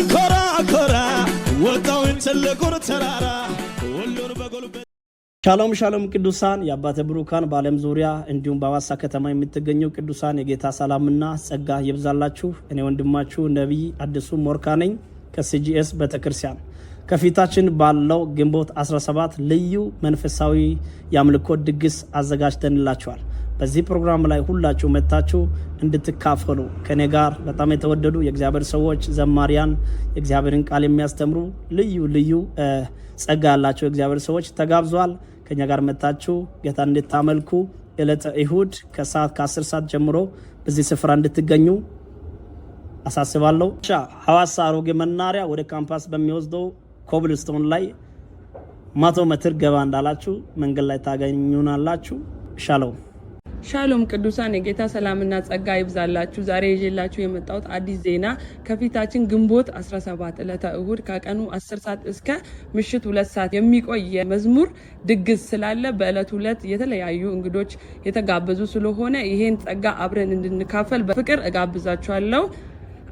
ስንኮራኮራ ወጣውን ትልቁን ተራራ ሁሉን ሻሎም ሻሎም ቅዱሳን የአባተ ብሩካን በዓለም ዙሪያ እንዲሁም በአዋሳ ከተማ የምትገኙ ቅዱሳን የጌታ ሰላምና ጸጋ ይብዛላችሁ። እኔ ወንድማችሁ ነቢይ አዲሱ ሞርካ ነኝ ከሲጂኤስ ቤተክርስቲያን። ከፊታችን ባለው ግንቦት 17 ልዩ መንፈሳዊ የአምልኮ ድግስ አዘጋጅተንላችኋል። በዚህ ፕሮግራም ላይ ሁላችሁ መታችሁ እንድትካፈሉ ከኔ ጋር በጣም የተወደዱ የእግዚአብሔር ሰዎች ዘማሪያን፣ የእግዚአብሔርን ቃል የሚያስተምሩ ልዩ ልዩ ጸጋ ያላቸው የእግዚአብሔር ሰዎች ተጋብዟል። ከኛ ጋር መታችሁ ጌታ እንድታመልኩ ዕለተ እሁድ ከሰዓት ከ10 ሰዓት ጀምሮ በዚህ ስፍራ እንድትገኙ አሳስባለሁ። ቻ ሐዋሳ አሮጌ መናሪያ ወደ ካምፓስ በሚወስደው ኮብልስቶን ላይ መቶ ሜትር ገባ እንዳላችሁ መንገድ ላይ ታገኙናላችሁ። ሻለው ሻሎም ቅዱሳን የጌታ ሰላምና ጸጋ ይብዛላችሁ። ዛሬ ይዤላችሁ የመጣሁት አዲስ ዜና ከፊታችን ግንቦት 17 ዕለተ እሁድ ከቀኑ 10 ሰዓት እስከ ምሽት ሁለት ሰዓት የሚቆይ የመዝሙር ድግስ ስላለ በዕለት ሁለት የተለያዩ እንግዶች የተጋበዙ ስለሆነ ይሄን ጸጋ አብረን እንድንካፈል በፍቅር እጋብዛችኋለሁ።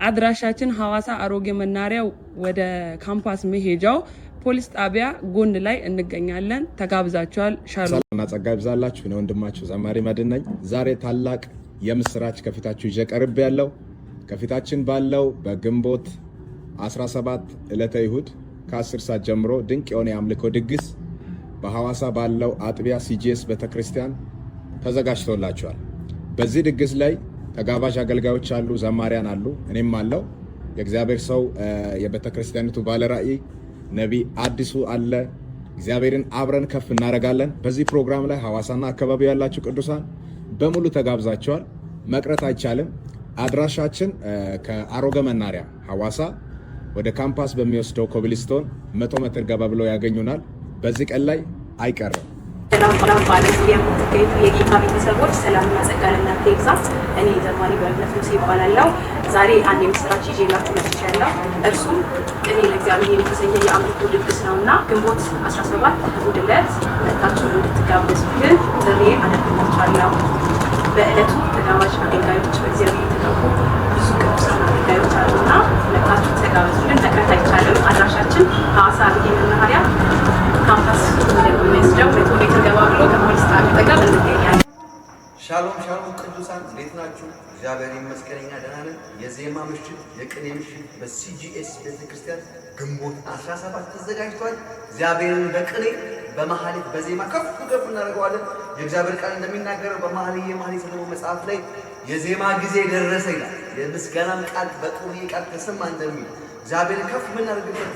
አድራሻችን ሐዋሳ አሮጌ መናሪያ ወደ ካምፓስ መሄጃው ፖሊስ ጣቢያ ጎን ላይ እንገኛለን። ተጋብዛችኋል። ሻሎና ጸጋ ይብዛላችሁ። እኔ ወንድማችሁ ዘማሪ መድን ነኝ። ዛሬ ታላቅ የምስራች ከፊታችሁ ይዤ ቀርብ ያለው ከፊታችን ባለው በግንቦት 17 ዕለተ ይሁድ ከ10 ሰዓት ጀምሮ ድንቅ የሆነ የአምልኮ ድግስ በሐዋሳ ባለው አጥቢያ ሲጂኤስ ቤተክርስቲያን ተዘጋጅቶላችኋል። በዚህ ድግስ ላይ ተጋባዥ አገልጋዮች አሉ፣ ዘማሪያን አሉ፣ እኔም አለው። የእግዚአብሔር ሰው የቤተክርስቲያኒቱ ባለራእይ ነቢ አዲሱ አለ። እግዚአብሔርን አብረን ከፍ እናደርጋለን። በዚህ ፕሮግራም ላይ ሐዋሳና አካባቢው ያላችሁ ቅዱሳን በሙሉ ተጋብዛቸዋል። መቅረት አይቻልም። አድራሻችን ከአሮገ መናሪያ ሐዋሳ ወደ ካምፓስ በሚወስደው ኮብልስቶን መቶ ሜትር ገባ ብለው ያገኙናል። በዚህ ቀን ላይ አይቀርም። ሰላም ሰላም ማለት የምትገኙ የጌታ ቤተሰቦች ሰላምና ጸጋ ለእናንተ ይብዛ። እኔ ዘማሪ በእምነት ሙሴ ይባላለው። ዛሬ አንድ የምስራች ይዤላችሁ መጥቻለሁ። እርሱም እኔ ለእግዚአብሔር የተሰኘ የአምልኮ ድግስ ነው እና ግንቦት 17 እሑድ ዕለት መጥታችሁ እንድትጋበዙ ግን ጥሪ አደርግላችኋለሁ። በዕለቱ ተጋባዥ አገልጋዮች በእግዚአብሔር የተቀቡ ብዙ ቅዱሳን አገልጋዮች አሉና መጥታችሁ ተጋበዙልን። መቅረት አይቻልም። አድራሻችን ሐዋሳ ብዬ መናኸሪያ ሻሎም ሻሎም ቅዱሳን እንዴት ናችሁ? እግዚአብሔር ይመስገን እኛ ደህና ነን። የዜማ ምሽት የቅኔ ምሽት በሲጂኤስ ቤተክርስቲያን ግንቦት 17 ተዘጋጅቷል። እግዚአብሔርን በቅኔ በመሐሌት በዜማ ከፍ ከፍ እናደርገዋለን። የእግዚአብሔር ቃል እንደሚናገረው በመኃልየ መኃልይ ሰለሞን መጽሐፍ ላይ የዜማ ጊዜ ደረሰ ይላል። የምስጋናም ቃል በቆሬ ቃል ተሰማ እንደሚል እግዚአብሔርን ከፍ የምናደርግበት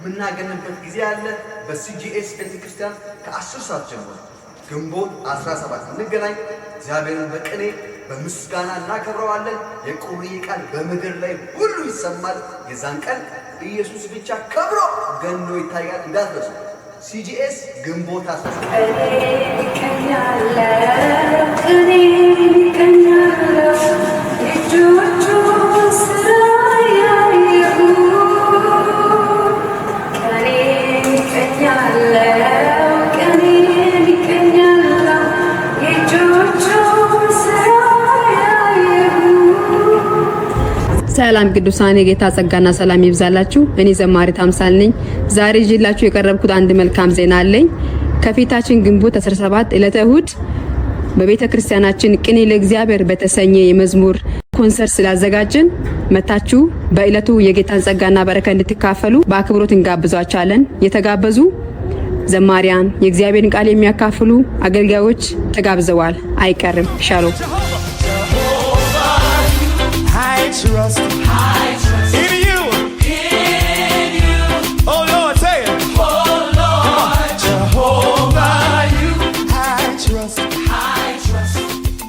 የምናገንበት ጊዜ አለ። በሲጂኤስ ቤተክርስቲያን ከአስር ሰዓት ጀምሮ ግንቦት 17 እንገናኝ። እግዚአብሔርን በቅኔ በምስጋና እናከብረዋለን። የቆርዬ ቃል በምድር ላይ ሁሉ ይሰማል። የዛን ቀን ኢየሱስ ብቻ ከብሮ ገኖ ይታያል። እንዳትረሱ። ሲጂኤስ ግንቦት 17 ሰላም ቅዱሳን፣ የጌታ ጸጋና ሰላም ይብዛላችሁ። እኔ ዘማሪ ታምሳል ነኝ። ዛሬ ይዤላችሁ የቀረብኩት አንድ መልካም ዜና አለኝ። ከፊታችን ግንቦት 17 ዕለተ እሁድ በቤተ ክርስቲያናችን ቅኔ ለእግዚአብሔር በተሰኘ የመዝሙር ኮንሰርት ስላዘጋጅን መታችሁ በዕለቱ የጌታን ጸጋና በረከት እንድትካፈሉ በአክብሮት እንጋብዟችኋለን። የተጋበዙ ዘማሪያን፣ የእግዚአብሔርን ቃል የሚያካፍሉ አገልጋዮች ተጋብዘዋል። አይቀርም። ሻሎም trust. in you. Oh Lord, say it. Oh Lord, Jehovah, you. I trust. I trust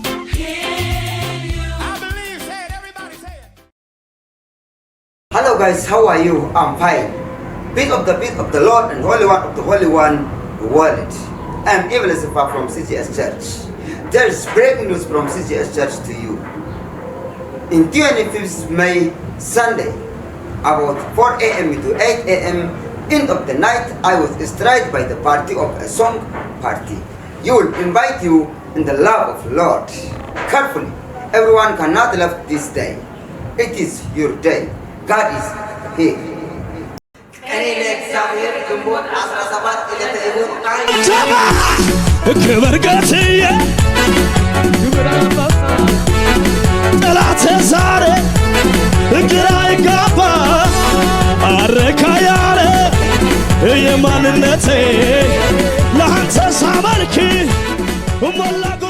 in you. I believe. Say it. Everybody say it. Hello guys, how are you? I'm fine. Peace of the peace of the Lord and Holy One of the Holy One, world. I'm Evelyn Sifa from CGS Church. There is breaking news from CGS Church to you in 25th May Sunday, about 4 a.m. to 8 a.m. end of the night, I was strayed by the party of a song party. You will invite you in the love of Lord. Carefully, everyone cannot love this day. It is your day. God is here. كبر قاسية ማንነቴ ለአንተ ሳመልክ እሞላ